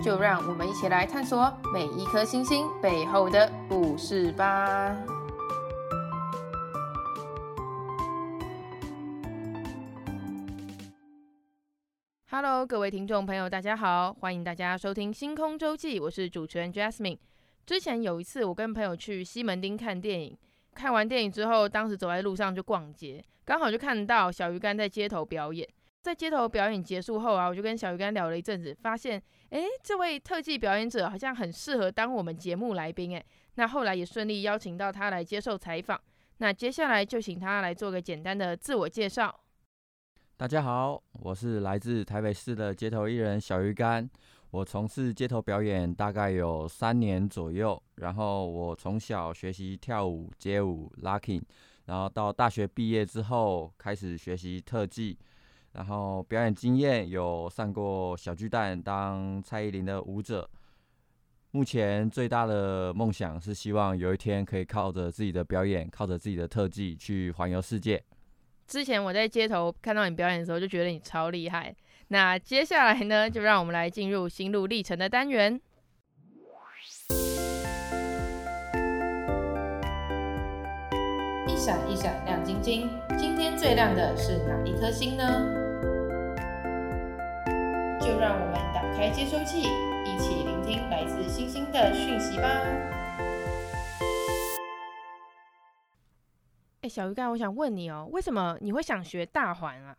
就讓我們一起來探索每一顆星星背後的故事吧。Hello，各位聽眾朋友，大家好，歡迎大家收聽《星空週記》，我是主持人 Jasmine。之前有一次，我跟朋友去西門町看電影，看完電影之後，當時走在路上就逛街，剛好就看到小魚乾在街頭表演。在街頭表演結束後啊，我就跟小魚乾聊了一陣子，發現哎，這位特技表演者好像很適合當我們節目來賓誒，那後來也順利邀請到他來接受採訪。那接下來就請他來做個簡單的自我介紹。大家好，我是來自台北市的街頭藝人小魚乾。我從事街頭表演大概有三年左右。然後我從小學習跳舞、街舞、locking，然後到大學畢業之後開始學習特技。然後表演經驗有上過小巨蛋當蔡依林的舞者，目前最大的夢想是希望有一天可以靠着自己的表演，靠着自己的特技去環遊世界。之前我在街頭看到你表演的時候，就覺得你超厲害。那接下來呢，就讓我們來進入心路歷程的單元。閃一閃，亮晶晶，今天最亮的是哪一顆星呢？就讓我們打開接收器，一起聆聽來自星星的訊息吧。欸，小魚乾，我想問你哦、喔，為什麼你會想學大環啊？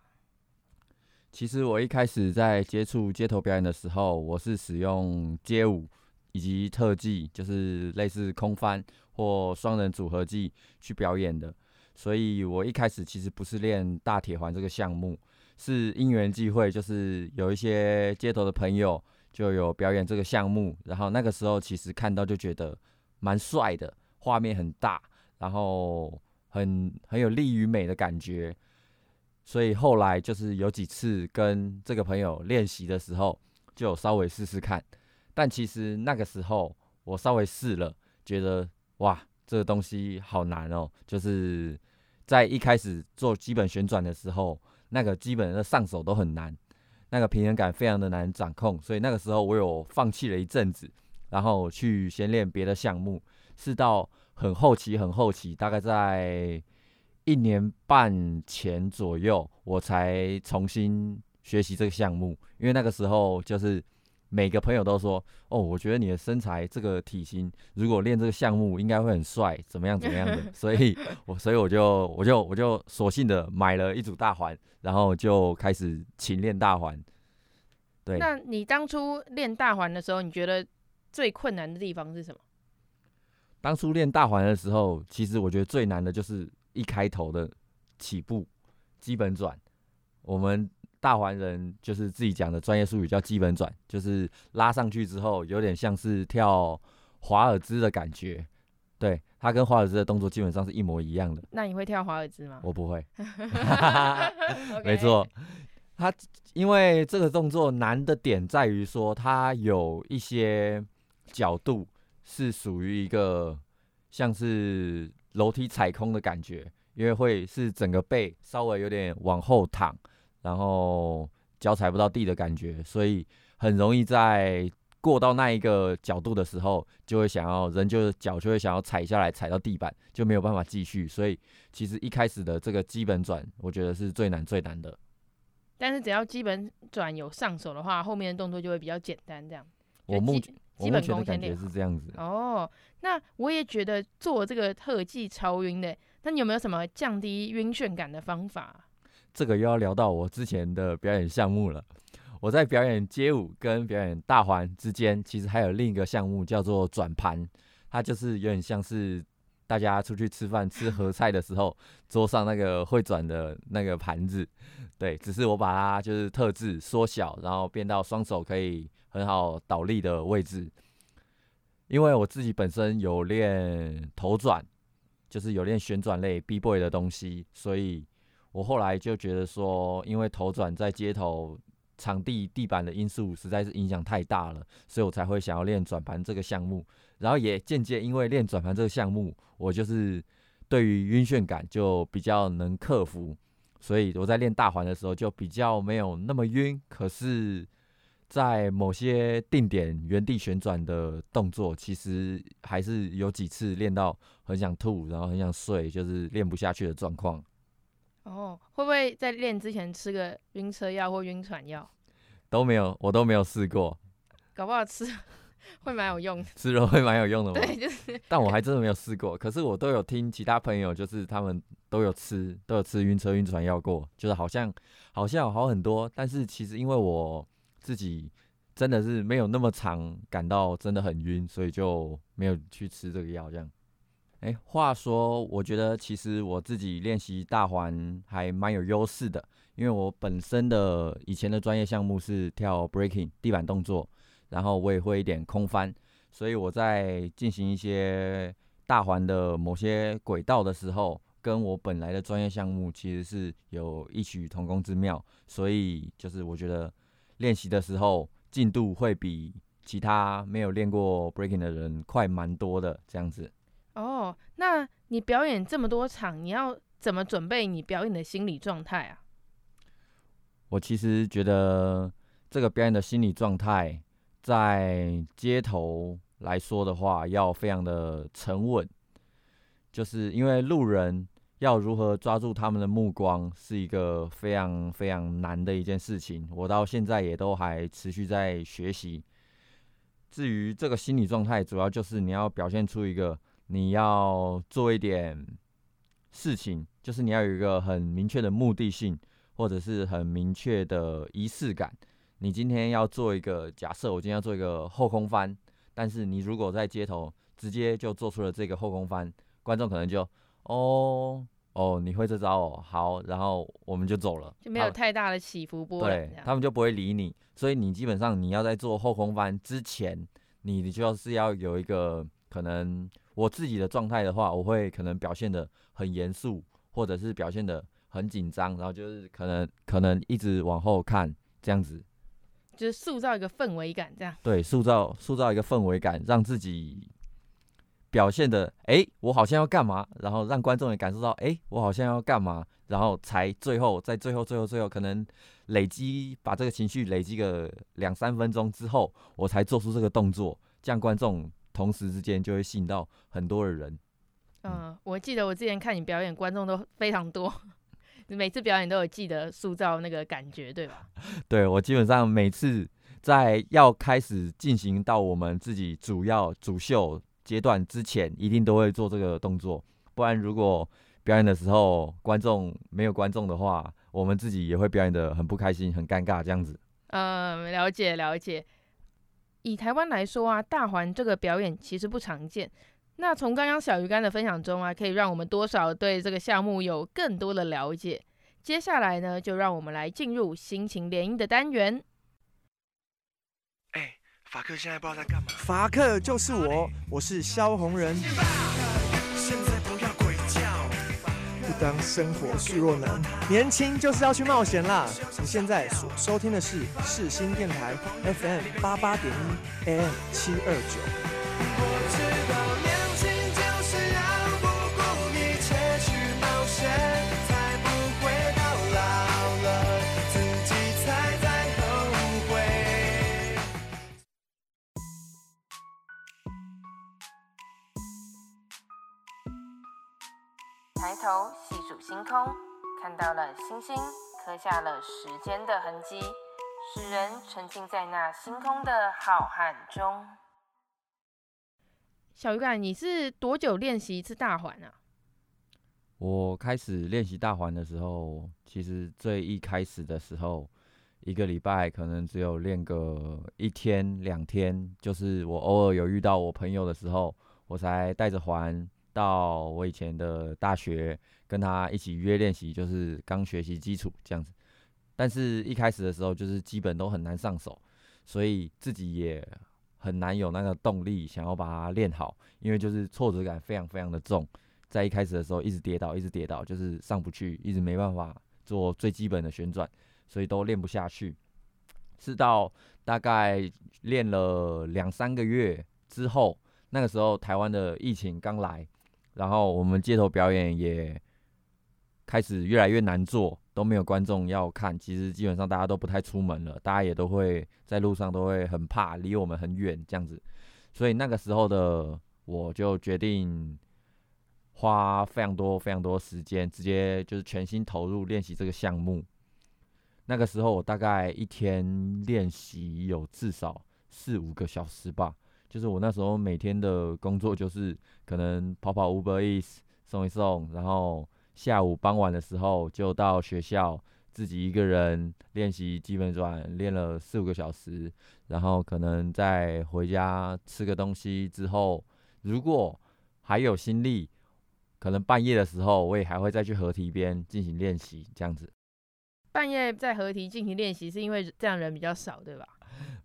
其實我一開始在接觸街頭表演的時候，我是使用街舞以及特技，就是類似空翻。或雙人組合技去表演的，所以我一開始其實不是練大鐵環這個項目，是因緣際會，就是有一些街頭的朋友就有表演這個項目，然後那個時候其實看到就覺得蠻帥的，畫面很大，然後很很有力與美的感覺，所以後來就是有幾次跟這個朋友練習的時候，就稍微試試看，但其實那個時候我稍微試了，覺得。哇，這個東西好難哦！就是在一開始做基本旋轉的時候，那個基本的上手都很難，那個平衡感非常的難掌控，所以那個時候我有放棄了一陣子，然後去先練別的項目。是到很後期，很後期，大概在一年半前左右，我才重新學習這個項目，因為那個時候就是。每個朋友都說：“哦，我覺得你的身材這個體型，如果練這個項目，應該會很帥，怎麼樣怎麼樣的。” 所以，我所以我就我就我就索性的買了一組大環，然後就開始勤練大環。對，那你當初練大環的時候，你覺得最困難的地方是什麼？當初練大環的時候，其實我覺得最難的就是一開頭的起步基本轉，我們。大環人就是自己講的專業術語，叫基本轉，就是拉上去之後，有點像是跳華爾茲的感覺。對，它跟華爾茲的動作基本上是一模一樣的。那你會跳華爾茲嗎？我不會。 Okay. 沒錯，它因為這個動作難的點在於說，它有一些角度是屬於一個像是樓梯踩空的感覺，因為會是整個背稍微有點往後躺。然後腳踩不到地的感覺，所以很容易在過到那一個角度的時候，就會想要人就腳就會想要踩下來踩到地板，就沒有辦法繼續。所以其實一開始的這個基本轉，我覺得是最難最難的。但是只要基本轉有上手的話，後面的動作就會比較簡單。這樣，我目，我目前的感覺是這樣子。哦，那我也覺得做這個特技超暈的。那你有沒有什麼降低暈眩感的方法？這個又要聊到我之前的表演項目了。我在表演街舞跟表演大環之間，其實還有另一個項目叫做轉盤，它就是有點像是大家出去吃飯吃合菜的時候桌上那個會轉的那個盤子，對，只是我把它就是特製縮小，然後變到雙手可以很好倒立的位置。因為我自己本身有練頭轉，就是有練旋轉類 B-boy 的東西，所以。我後來就覺得說，因為頭轉在街頭場地地板的因素實在是影響太大了，所以我才會想要練轉盤這個項目。然後也間接因為練轉盤這個項目，我就是對於暈眩感就比較能克服，所以我在練大環的時候就比較沒有那麼暈。可是，在某些定點原地旋轉的動作，其實還是有幾次練到很想吐，然後很想睡，就是練不下去的狀況。哦，會不會在練之前吃個暈車藥或暈船藥？都沒有，我都沒有試過。搞不好吃會蠻有用，吃了會蠻有用的。用的對，就是。但我還真的沒有試過。 可是我都有聽其他朋友，就是他們都有吃，嗯、都有吃暈車、暈船藥過，就是好像好像好很多。但是其實因為我自己真的是沒有那麼常感到真的很暈，所以就沒有去吃這個藥這樣。哎，話說，我覺得其實我自己練習大環還蠻有優勢的，因為我本身的以前的專業項目是跳 breaking 地板動作，然後我也會一點空翻，所以我在進行一些大環的某些軌道的時候，跟我本來的專業項目其實是有異曲同工之妙，所以就是我覺得練習的時候進度會比其他沒有練過 breaking 的人快蠻多的，這樣子。哦，oh, 那你表演這麼多場，你要怎麼準備你表演的心理狀態啊？我其實覺得這個表演的心理狀態，在街頭來說的話，要非常的沉穩，就是因為路人要如何抓住他們的目光，是一個非常非常難的一件事情。我到現在也都還持續在學習。至於這個心理狀態，主要就是你要表現出一個。你要做一點事情，就是你要有一個很明確的目的性，或者是很明確的儀式感。你今天要做一個假設，我今天要做一個後空翻，但是你如果在街頭直接就做出了這個後空翻，觀眾可能就哦哦，你會這招哦，好，然後我們就走了，就沒有太大的起伏波，對，他們就不會理你，所以你基本上你要在做後空翻之前，你你就是要有一個可能。我自己的狀態的話，我會可能表現得很嚴肅，或者是表現得很緊張，然後就是可能可能一直往後看，這樣子，就是塑造一個氛圍感，這樣。對，塑造塑造一個氛圍感，讓自己表現得，哎、欸，我好像要幹嘛，然後讓觀眾也感受到，哎、欸，我好像要幹嘛，然後才最後在最後最後最後可能累積把這個情緒累積個兩三分鐘之後，我才做出這個動作，這樣觀眾。同時之間就會吸引到很多的人。嗯，我記得我之前看你表演，觀眾都非常多。你每次表演都有記得塑造那個感覺，對吧？對，我基本上每次在要開始進行到我們自己主要主秀階段之前，一定都會做這個動作。不然如果表演的時候觀眾沒有觀眾的話，我們自己也會表演得很不開心、很尷尬這樣子。嗯，了解了解。以台灣來說啊，大環這個表演其實不常見。那從剛剛小魚乾的分享中啊，可以讓我們多少對這個項目有更多的了解。接下來呢，就讓我們來進入心情聯姻的單元。哎、欸，法克現在不知道在幹嘛？法克就是我，裡我是蕭紅人。當生活示弱能年輕，就是要去冒險啦！你現在所收聽的是世新電台 FM 八八點一，AM 七二九。空看到了星星，刻下了時間的痕跡，使人沉浸在那星空的浩瀚中。小魚乾，你是多久練習一次大環啊？我開始練習大環的時候，其實最一開始的時候，一個禮拜可能只有練個一天兩天，就是我偶爾有遇到我朋友的時候，我才帶着環。到我以前的大學跟他一起約練習，就是剛學習基礎這樣子。但是一開始的時候，就是基本都很難上手，所以自己也很難有那個動力想要把它練好，因為就是挫折感非常非常的重。在一開始的時候，一直跌倒，一直跌倒，就是上不去，一直沒辦法做最基本的旋轉，所以都練不下去。是到大概練了兩三個月之後，那個時候台灣的疫情剛來。然後我們街頭表演也開始越來越難做，都沒有觀眾要看。其實基本上大家都不太出門了，大家也都會在路上都會很怕，離我們很遠這樣子。所以那個時候的我就決定花非常多非常多時間，直接就是全心投入練習這個項目。那個時候我大概一天練習有至少四五個小時吧。就是我那時候每天的工作，就是可能跑跑 Uber Eats 送一送，然後下午傍晚的時候就到學校自己一個人練習基本轉，練了四五個小時，然後可能再回家吃個東西之後，如果還有心力，可能半夜的時候我也還會再去河堤邊進行練習，這樣子。半夜在河堤進行練習，是因為這樣人比較少，對吧？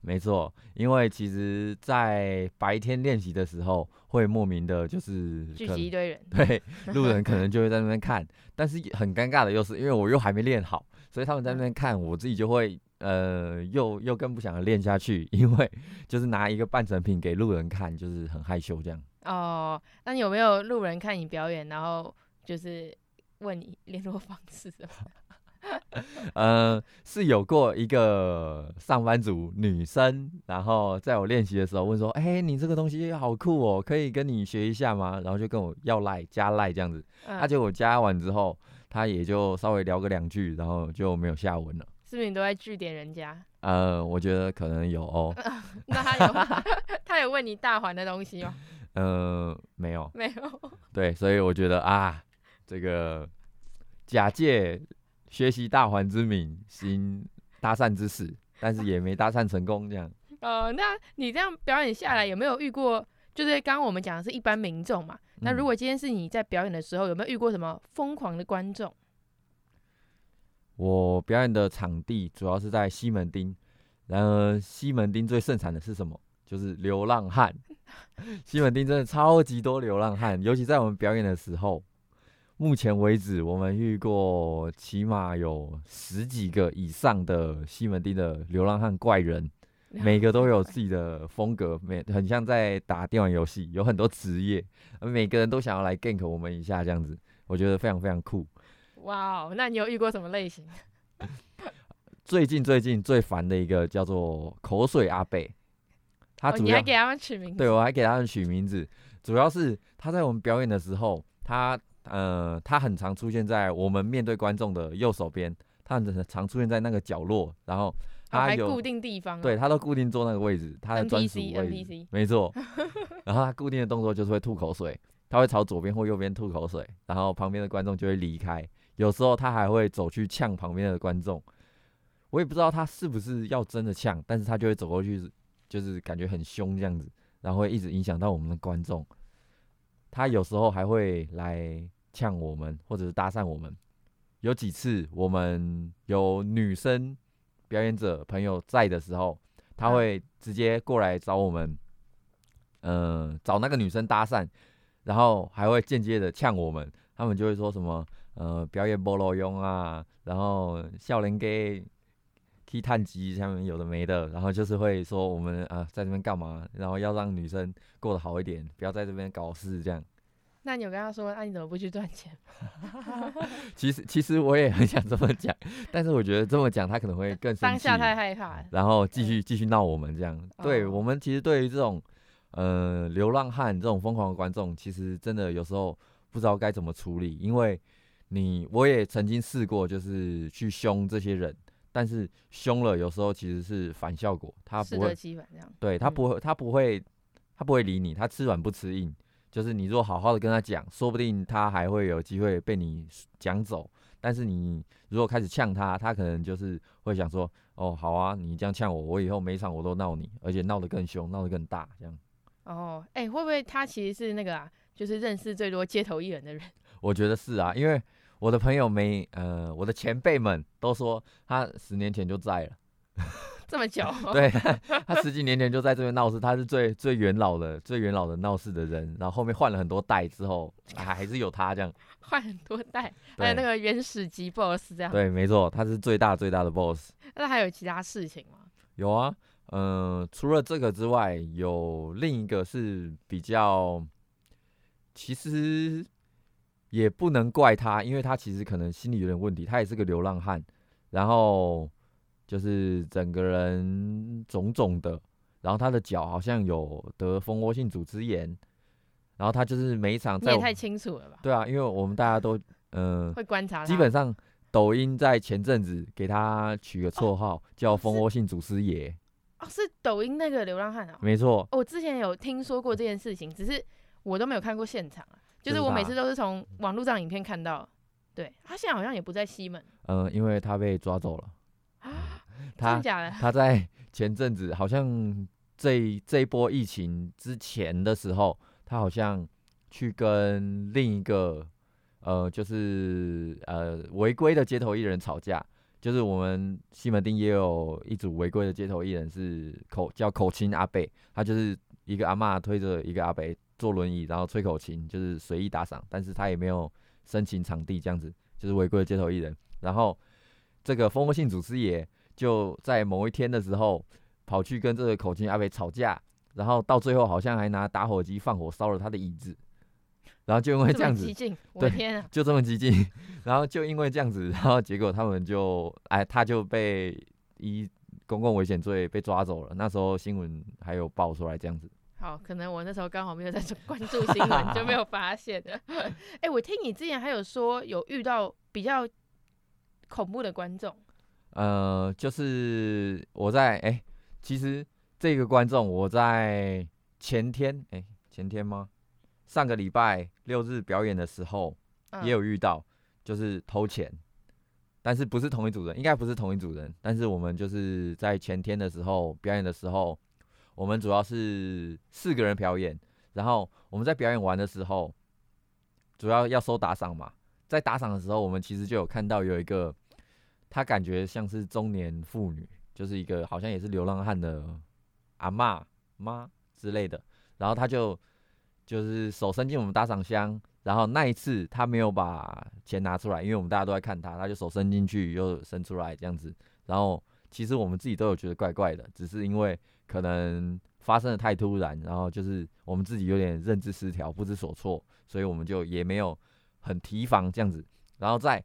沒錯，因為其實，在白天練習的時候，會莫名的，就是聚集一堆人，對，路人可能就會在那邊看， 但是很尷尬的，又是因為我又還沒練好，所以他們在那邊看，我自己就會，呃，又又更不想練下去，因為就是拿一個半成品給路人看，就是很害羞這樣。哦，那有沒有路人看你表演，然後就是問你聯絡方式什麼？嗯、 呃，是有過一個上班族女生，然後在我練習的時候問說：“哎、欸，你這個東西好酷，哦，可以跟你學一下嗎？”然後就跟我要賴、like, 加賴、like、這樣子。她就我加完之後，他也就稍微聊個兩句，然後就沒有下文了。是不是你都在句點人家？呃，我覺得可能有哦。那他有，他有問你大環的東西哦。呃，沒有，沒有。對，所以我覺得啊，這個假借。學習大環之名，行搭訕之事，但是也沒搭訕成功這樣。呃，那你這樣表演下來，有沒有遇過？就是剛剛我們講的是一般民眾嘛。嗯，那如果今天是你在表演的時候，有沒有遇過什麼瘋狂的觀眾？我表演的場地主要是在西門町，然而西門町最盛產的是什麼？就是流浪漢。 西門町真的超級多流浪漢，尤其在我們表演的時候。目前為止，我們遇過起碼有十幾個以上的西門町的流浪漢怪人，每個都有自己的風格，每很像在打電玩遊戲，有很多職業，每個人都想要來 gank 我們一下，這樣子，我覺得非常非常酷。哇哦，那你有遇過什麼類型？ 最近最近最煩的一個叫做口水阿北，他主要、哦、你還給他們取名。對，我還給他們取名字，主要是他在我們表演的時候，他。呃，他很常出現在我們面對觀眾的右手邊，他很常出現在那個角落，然後他有、哦、固定地方、啊，對他都固定坐那個位置，他的專屬位置，NPC 沒錯。 然後他固定的動作就是會吐口水，他會朝左邊或右邊吐口水，然後旁邊的觀眾就會離開。有時候他還會走去嗆旁邊的觀眾，我也不知道他是不是要真的嗆，但是他就會走過去，就是感覺很兇這樣子，然後會一直影響到我們的觀眾。他有時候還會來。嗆我們，或者是搭訕我們。有幾次我們有女生表演者朋友在的時候，嗯，他會直接過來找我們，呃，找那個女生搭訕，然後還會間接的嗆我們。他們就會說什麼，呃，表演無路用啊，然後笑人給踢探極下面有的沒的，然後就是會說我們啊，呃，在這邊幹嘛？然後要讓女生過得好一點，不要在這邊搞事這樣。那你有跟他說？那、啊、你怎麼不去賺錢？ 其實，其實我也很想這麼講，但是我覺得這麼講他可能會更當下他害怕，然後繼續繼續鬧我們這樣。對，對我們其實對於這種呃流浪漢這種瘋狂的觀眾，其實真的有時候不知道該怎麼處理，因為你我也曾經試過就是去凶這些人，但是凶了有時候其實是反效果，他不會，對，他不會，他不會，他不會，他不會理你，他吃軟不吃硬。就是你如果好好的跟他講，說不定他還會有機會被你講走。但是你如果開始嗆他，他可能就是會想說：“哦，好啊，你這樣嗆我，我以後每場我都鬧你，而且鬧得更凶，鬧得更大。”這樣。哦，誒、欸，會不會他其實是那個啊？就是認識最多街頭藝人的人？我覺得是啊，因為我的朋友沒，呃，我的前輩們都說他十年前就在了。這麼久，哦 對，對，他十幾年前就在這邊鬧事， 他是最最元老的，最元老的鬧事的人。然後後面換了很多代之後，啊，還是有他這樣。換 很多代，還有對、呃、那個原始級 BOSS 這樣。對，沒錯，他是最大最大的 BOSS。那還有其他事情嗎？有啊，嗯、呃，除了這個之外，有另一個是比較，其實也不能怪他，因為他其實可能心裡有點問題，他也是個流浪漢，然後。就是整個人腫腫的，然後他的腳好像有得蜂窩性組織炎，然後他就是每一場在你也太清楚了吧？對啊，因為我們大家都嗯、呃、會觀察。基本上抖音在前陣子給他取個綽號、哦、叫蜂窩性祖師爺、哦是，哦、是抖音那個流浪漢啊、哦？沒錯、哦，我之前有聽說過這件事情，只是我都沒有看過現場，就是我每次都是從網絡上影片看到，對，他現在好像也不在西門，嗯，因為他被抓走了。啊，他他在前陣子好像這這一波疫情之前的時候，他好像去跟另一個呃，就是呃違規的街頭藝人吵架。就是我們西門町也有一組違規的街頭藝人是，是口叫口琴阿北，他就是一個阿嬤推着一個阿北坐輪椅，然後吹口琴，就是隨意打賞，但是他也沒有申請場地，這樣子就是違規的街頭藝人，然後。這個烽火信主持爺就在某一天的時候跑去跟這個口琴阿伯吵架，然後到最後好像還拿打火機放火燒了他的椅子，然後就因為這樣子，激對，我的天就這麼激進，然後就因為這樣子，然後結果他們就哎，他就被以公共危險罪被抓走了。那時候新聞還有爆出來這樣子。好，可能我那時候剛好沒有在關注新聞， 就沒有發現的。哎、 欸，我聽你之前還有說有遇到比較。恐怖的觀眾，呃，就是我在哎、欸，其實這個觀眾我在前天哎、欸，前天嗎？上個禮拜六日表演的時候也有遇到，就是偷錢，嗯、但是不是同一組人，應該不是同一組人。但是我們就是在前天的時候表演的時候，我們主要是四個人表演，然後我們在表演完的時候，主要要收打賞嘛。在打賞的時候，我們其實就有看到有一個，他感覺像是中年婦女，就是一個好像也是流浪漢的阿嬤媽之類的。然後他就就是手伸進我們打賞箱，然後那一次他沒有把錢拿出來，因為我們大家都在看他，他就手伸進去又伸出來這樣子。然後其實我們自己都有覺得怪怪的，只是因為可能發生的太突然，然後就是我們自己有點認知失調，不知所措，所以我們就也沒有。很提防這樣子，然後在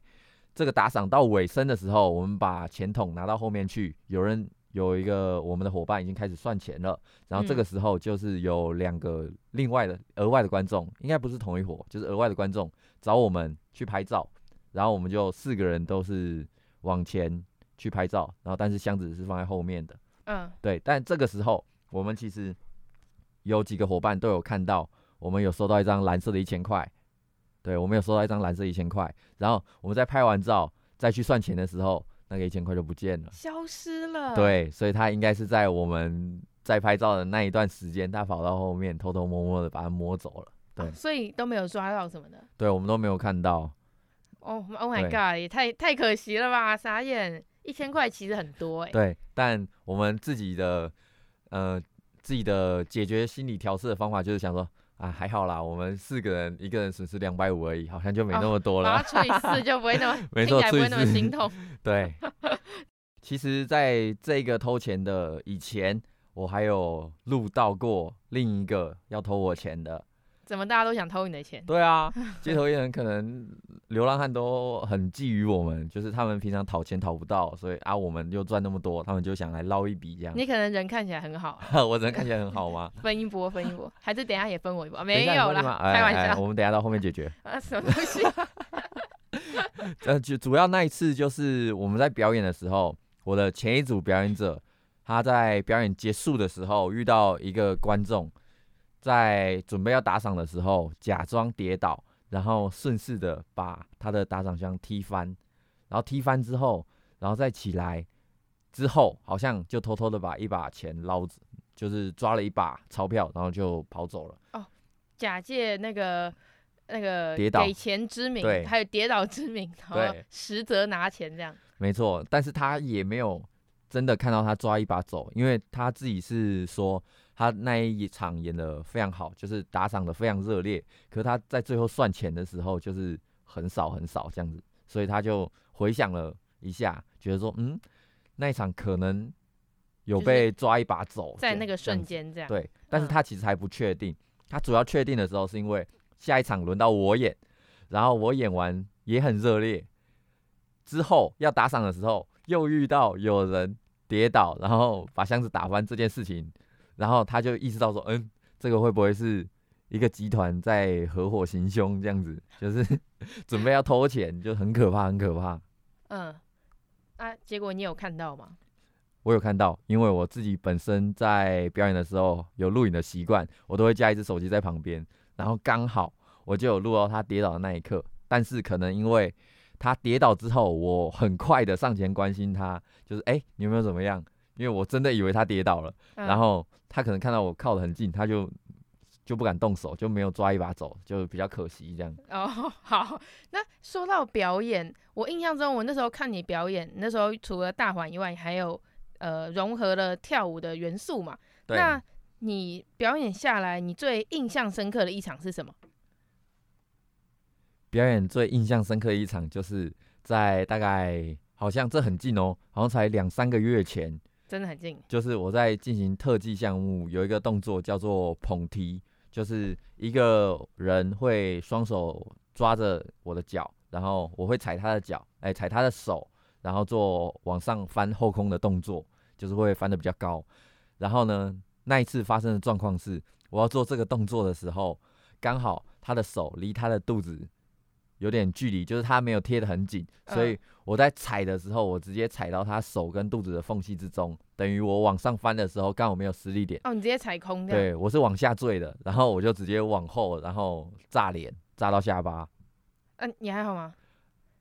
這個打賞到尾聲的時候，我們把錢桶拿到後面去。有人有一個我們的伙伴已經開始算錢了，然後這個時候就是有兩個另外的額外的觀眾，應該不是同一伙，就是額外的觀眾找我們去拍照，然後我們就四個人都是往前去拍照，然後但是箱子是放在後面的。嗯，對，但這個時候我們其實有幾個伙伴都有看到，我們有收到一張藍色的一千塊。對，我們有收到一張藍色一千塊，然後我們在拍完照再去算錢的時候，那個一千塊就不見了，消失了。對，所以他應該是在我們在拍照的那一段時間，他跑到後面偷偷摸摸的把它摸走了。對、啊，所以都沒有抓到什麼的。對，我們都沒有看到。哦，Oh my God，對，也太太可惜了吧，傻眼！一千塊其實很多哎、欸。對，但我們自己的呃自己的解決心理調適的方法就是想說。啊，還好啦，我們四個人一個人損失兩百五而已，好像就沒那麼多了。除以四、哦、就不會那麼，沒錯，就事不會那麼心痛。對， 其實，在這個偷錢的以前，我還有錄到過另一個要偷我錢的。怎麼大家都想偷你的錢？對啊，街頭藝人可能流浪漢都很覬覦我們， 就是他們平常討錢討不到，所以啊，我們又賺那麼多，他們就想來撈一筆這樣。你可能人看起來很好，啊， 我人看起來很好嗎？ 分一波，分一波，還是等一下也分我一波？啊，等一下沒有啦，開玩笑，哎哎哎，我們等一下到後面解決。 啊，什麼東西？呃，就主要那一次，就是我們在表演的時候，我的前一組表演者，他在表演結束的時候遇到一個觀眾，在準備要打賞的時候，假裝跌倒，然後順勢的把他的打賞箱踢翻，然後踢翻之後，然後再起來之後，好像就偷偷的把一把錢撈，就是抓了一把鈔票，然後就跑走了。哦，假借那個那個跌倒給錢之名，倒還有跌倒之名，對然後實則拿錢這樣。沒錯，但是他也沒有真的看到他抓一把走，因為他自己是說。他那一場演得非常好，就是打賞得非常熱烈，可是他在最後算錢的時候就是很少很少這樣子，所以他就回想了一下，覺得說，嗯，那一場可能有被抓一把走，在那個瞬間這樣，對。但是他其實還不確定，嗯、他主要確定的時候是因為下一場輪到我演，然後我演完也很熱烈，之後要打賞的時候又遇到有人跌倒，然後把箱子打翻這件事情。然後他就意識到說，嗯，這個會不會是一個集團在合夥行凶這樣子，就是準備要偷錢， 就很可怕，很可怕。嗯，啊，結果你有看到嗎？我有看到，因為我自己本身在表演的時候有錄影的習慣，我都會加一只手機在旁邊，然後剛好我就有錄到他跌倒的那一刻。但是可能因為他跌倒之後，我很快的上前關心他，就是誒，你有沒有怎麼樣？因為我真的以為他跌倒了，嗯，然後他可能看到我靠得很近，他就就不敢動手，就沒有抓一把走，就比較可惜這樣。哦，好，那說到表演，我印象中我那時候看你表演，那時候除了大環以外，還有呃融合了跳舞的元素嘛？對。那你表演下來，你最印象深刻的一場是什麼？表演最印象深刻的一場就是在大概好像這很近哦，好像才兩三個月前。真的很近，就是我在進行特技項目，有一個動作叫做捧踢，就是一個人會雙手抓着我的腳，然後我會踩他的腳，哎、欸，踩他的手，然後做往上翻後空的動作，就是會翻得比較高。然後呢，那一次發生的狀況是，我要做這個動作的時候，剛好他的手離他的肚子。有點距離，就是他沒有貼得很緊，嗯、所以我在踩的時候，我直接踩到他手跟肚子的縫隙之中，等於我往上翻的時候，剛好沒有著力點。哦，你直接踩空的？對，我是往下墜的，然後我就直接往後，然後炸臉，炸到下巴。嗯，你還好嗎？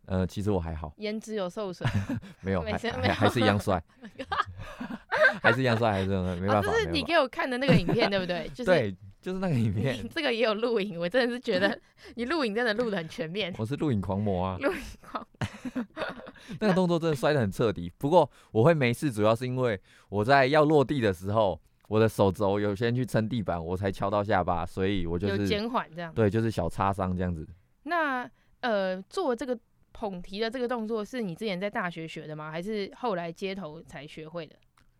呃，其實我還好。顏值有受損？ 沒有，沒事， 沒事，還是一樣帥。哈 是一哈哈，還是一樣帥，還是、哦、沒辦法。就是你給我看的那個影片， 對不對？就是、對。就是那個影片，這個也有錄影，我真的是覺得你錄影真的錄的很全面。 我是錄影狂魔啊！錄影狂， 那個動作真的摔的很徹底。不過我會沒事，主要是因為我在要落地的時候，我的手肘有先去撐地板，我才敲到下巴，所以我就是，有減緩這樣。對，就是小擦傷這樣子。那呃，做這個捧提的這個動作，是你之前在大學學的嗎？還是後來街頭才學會的？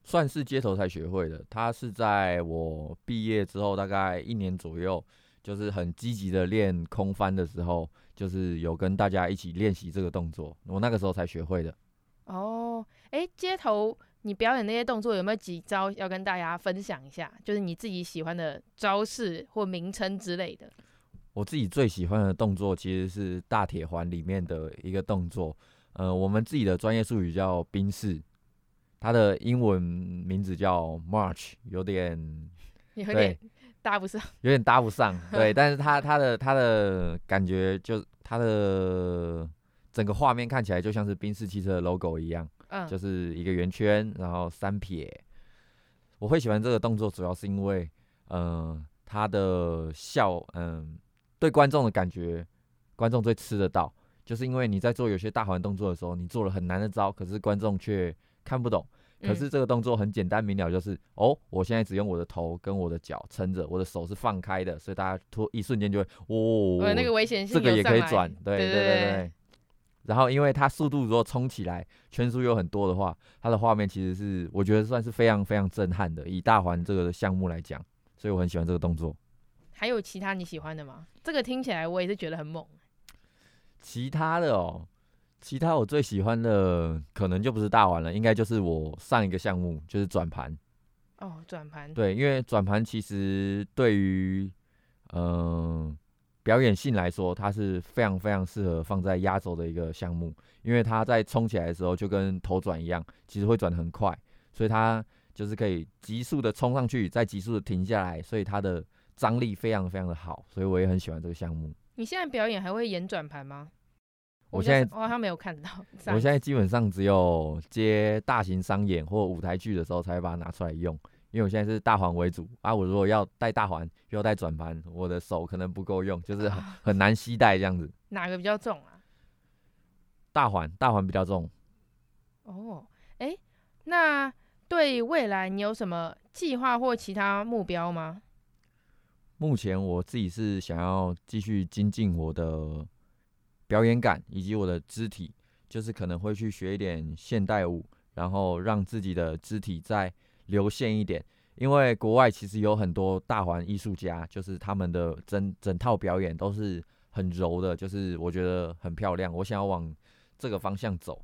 算是街頭才學會的。他是在我畢業之後大概一年左右，就是很積極的練空翻的時候，就是有跟大家一起練習這個動作。我那個時候才學會的。哦，哎、欸，街頭你表演那些動作有沒有幾招要跟大家分享一下？就是你自己喜歡的招式或名稱之類的。我自己最喜歡的動作其實是大鐵環裡面的一個動作，呃，我們自己的專業術語叫賓士。他的英文名字叫 March，有點有點搭不上，有點搭不上。對，但是他他的他的感覺就他的整個畫面看起來就像是賓士汽車的 logo 一樣，嗯，就是一個圓圈，然後三撇。我會喜歡這個動作，主要是因為，嗯，呃，他的笑，嗯，呃，對觀眾的感覺，觀眾最吃得到，就是因為你在做有些大環動作的時候，你做了很難的招，可是觀眾卻看不懂，可是這個動作很簡單明了，就是、嗯、哦，我現在只用我的頭跟我的腳撐着，我的手是放開的，所以大家突一瞬間就會哦，哦，那個危險性這個也可以轉，對對對對，對對對。然後因為它速度如果衝起來，圈數又很多的話，它的畫面其實是我覺得算是非常非常震撼的，以大環這個項目來講，所以我很喜歡這個動作。還有其他你喜歡的嗎？這個聽起來我也是覺得很猛。其他的哦。其他我最喜歡的可能就不是大環了，應該就是我上一個項目就是轉盤。哦、oh，轉盤。對，因為轉盤其實對於嗯、呃、表演性來說，它是非常非常適合放在壓軸的一個項目，因為它在衝起來的時候就跟頭轉一樣，其實會轉得很快，所以它就是可以急速的衝上去，再急速的停下來，所以它的張力非常非常的好，所以我也很喜歡這個項目。你現在表演還會演轉盤嗎？我,就是、我現在好像、哦、沒有看到。我現在基本上只有接大型商演或舞台劇的時候才會把它拿出來用，因為我現在是大環為主啊。我如果要帶大環，又要帶轉盤，我的手可能不夠用，就是很難攜帶這樣子。 哪個比較重啊？大環，大環比較重。哦，哎、欸，那對未來你有什麼計劃或其他目標嗎？目前我自己是想要繼續精進我的。表演感以及我的肢體，就是可能會去學一點現代舞，然後讓自己的肢體再流線一點。因為國外其實有很多大環藝術家，就是他們的整整套表演都是很柔的，就是我覺得很漂亮。我想要往這個方向走。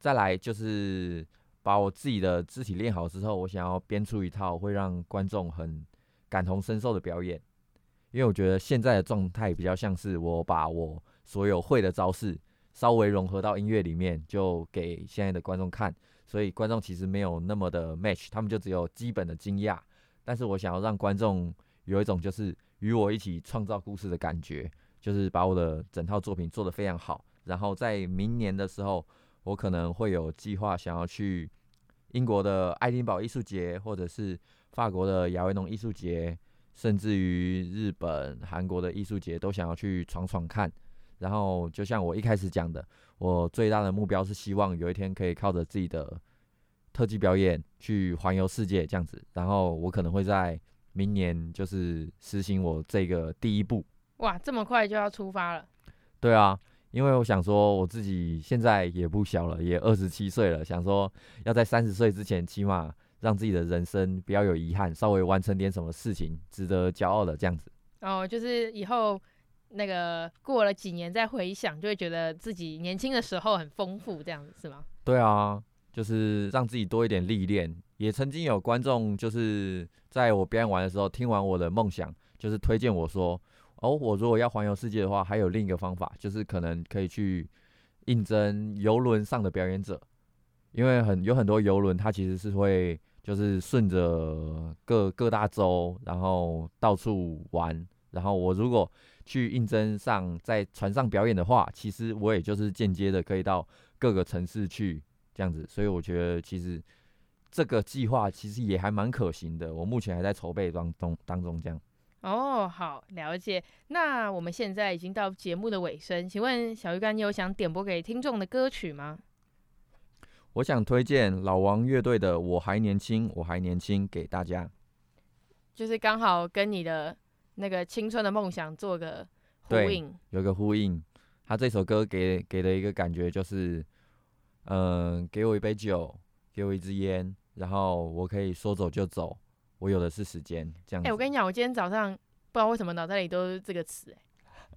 再來就是把我自己的肢體練好之後，我想要編出一套會讓觀眾很感同身受的表演。因為我覺得現在的狀態比較像是我把我所有會的招式稍微融合到音樂裡面，就給現在的觀眾看。所以觀眾其實沒有那麼的 match，他們就只有基本的驚訝。但是我想要讓觀眾有一種就是與我一起創造故事的感覺，就是把我的整套作品做得非常好。然後在明年的時候，我可能會有計劃想要去英國的愛丁堡藝術節，或者是法國的雅維農藝術節，甚至於日本、韓國的藝術節，都想要去闖闖看。然後就像我一開始講的，我最大的目標是希望有一天可以靠着自己的特技表演去環遊世界這樣子。然後我可能會在明年就是實行我這個第一步。哇，這麼快就要出發了？對啊，因為我想說我自己現在也不小了，也二十七歲了，想說要在三十歲之前起碼讓自己的人生不要有遺憾，稍微完成點什麼事情值得驕傲的這樣子。哦，就是以後。那個過了幾年再回想，就會覺得自己年輕的時候很豐富，這樣子是嗎？對啊，就是讓自己多一點歷練。也曾經有觀眾就是在我表演完的時候，聽完我的夢想，就是推薦我說：“哦，我如果要環遊世界的話，還有另一個方法，就是可能可以去應徵遊輪上的表演者，因為很有很多遊輪，它其實是會就是順着各各大洲，然後到處玩。然後我如果去應徵上在船上表演的話，其實我也就是間接的可以到各個城市去這樣子，所以我覺得其實這個計劃其實也還蠻可行的。我目前還在籌備當中當中這樣。哦，好，了解。那我們現在已經到節目的尾聲，請問小魚乾你有想點播給聽眾的歌曲嗎？我想推薦老王樂隊的《我還年輕，我還年輕》給大家。就是剛好跟你的。那個青春的夢想做個呼應，有個呼應。他這首歌給給的一個感覺就是，嗯、呃，給我一杯酒，給我一支煙，然後我可以說走就走，我有的是時間。這樣子。哎、欸，我跟你講，我今天早上不知道為什麼腦袋裡都是這個詞、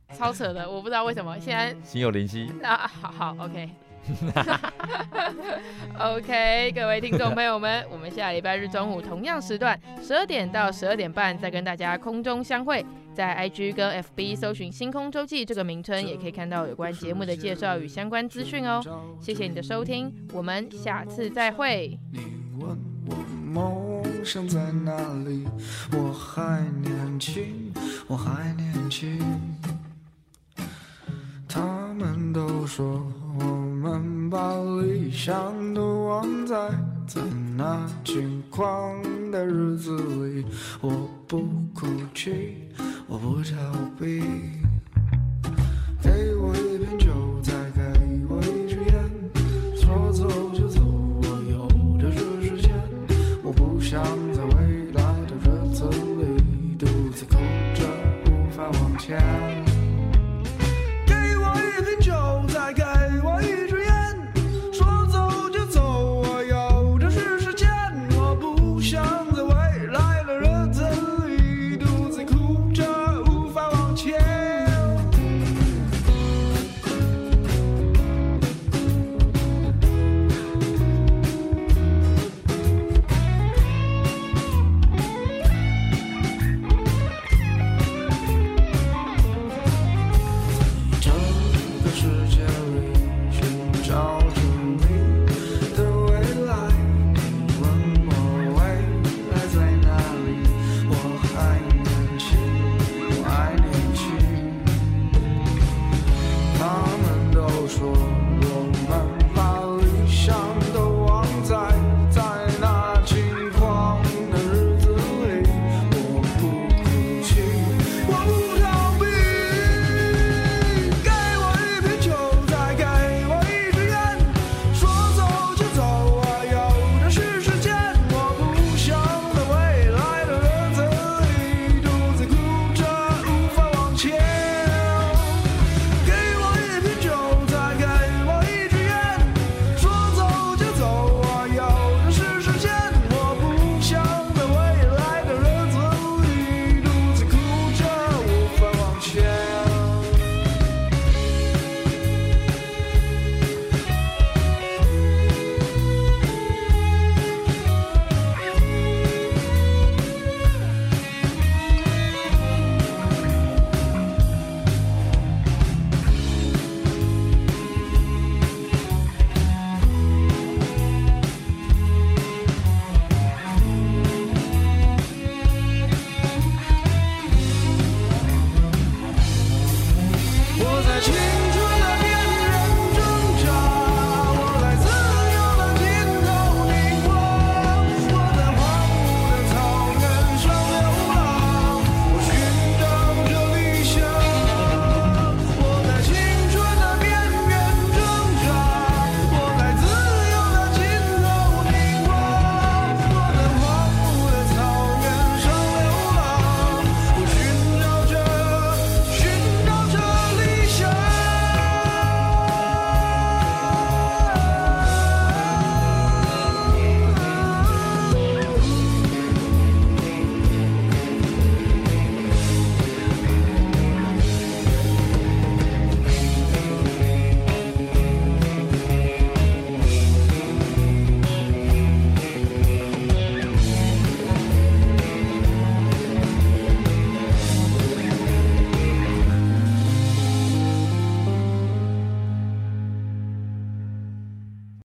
欸，超扯的， 我不知道為什麼。現在心有靈犀。啊，好好，OK。 OK，各位聽眾朋友們， 我們下禮拜日中午同樣時段，十二點到十二點半再跟大家空中相會。在 IG 跟 FB 搜尋“星空周記”這個名稱，也可以看到有關節目的介紹與相關資訊哦。謝謝你的收聽，我們下次再會。 都說我們把理想都忘在在那輕狂的日子裡，我不哭泣，我不逃避。給我一瓶酒。